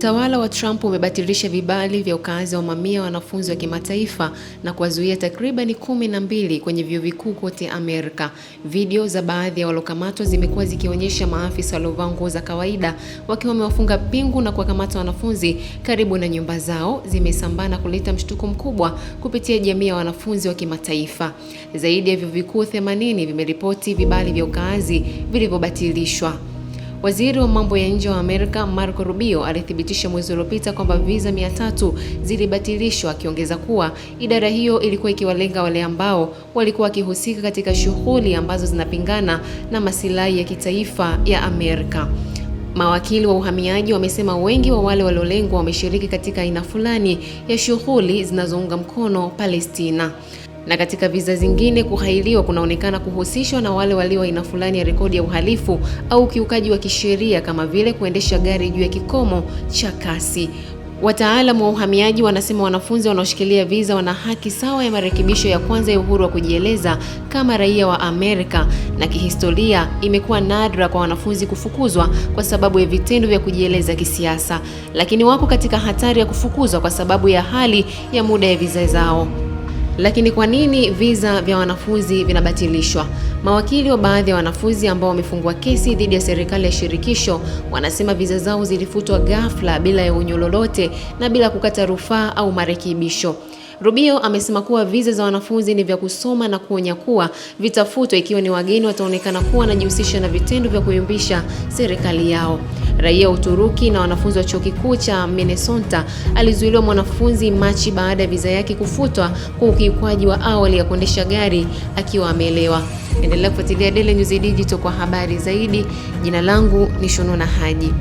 Utawala wa Trump umebatilisha vibali vya ukaazi wa mamia wanafunzi wa kimataifa na kuwazuia takribani kumi na mbili kwenye vyuo vikuu kote Amerika. Video za baadhi ya waliokamatwa zimekuwa zikionyesha maafisa waliovaa nguo za kawaida wakiwa wamewafunga pingu na kuwakamata wanafunzi karibu na nyumba zao, zimesambaa na kuleta mshtuko mkubwa kupitia jamii ya wanafunzi wa kimataifa. Zaidi ya vyuo vikuu 80 vimeripoti vibali vya ukaazi vilivyobatilishwa. Waziri wa mambo ya nje wa Amerika Marco Rubio alithibitisha mwezi uliopita kwamba visa mia tatu zilibatilishwa, akiongeza kuwa idara hiyo ilikuwa ikiwalenga wale ambao walikuwa wakihusika katika shughuli ambazo zinapingana na masilahi ya kitaifa ya Amerika. Mawakili wa uhamiaji wamesema wengi wa wale waliolengwa wameshiriki katika aina fulani ya shughuli zinazounga mkono Palestina na katika visa zingine kuhailiwa kunaonekana kuhusishwa na wale walio aina fulani ya rekodi ya uhalifu au ukiukaji wa kisheria kama vile kuendesha gari juu ya kikomo cha kasi. Wataalamu wa uhamiaji wanasema wanafunzi wanaoshikilia viza wana haki sawa ya marekebisho ya kwanza ya uhuru wa kujieleza kama raia wa Amerika, na kihistoria imekuwa nadra kwa wanafunzi kufukuzwa kwa sababu ya vitendo vya kujieleza kisiasa, lakini wako katika hatari ya kufukuzwa kwa sababu ya hali ya muda ya viza zao. Lakini kwa nini visa vya wanafunzi vinabatilishwa? Mawakili wa baadhi ya wanafunzi ambao wamefungua kesi dhidi ya serikali ya shirikisho wanasema visa zao zilifutwa ghafla bila ya onyo lolote na bila kukata rufaa au marekebisho. Rubio amesema kuwa visa za wanafunzi ni vya kusoma na kuonya kuwa vitafutwa ikiwa ni wageni wataonekana kuwa wanajihusisha na vitendo vya kuyumbisha serikali yao raia wa Uturuki na wanafunzi wa chuo kikuu cha Minnesota alizuiliwa mwanafunzi Machi baada ya viza yake kufutwa kwa ukiukwaji wa awali ya kuendesha gari akiwa amelewa. Endelea kufuatilia Daily News Digital kwa habari zaidi. Jina langu ni Shununa Haji.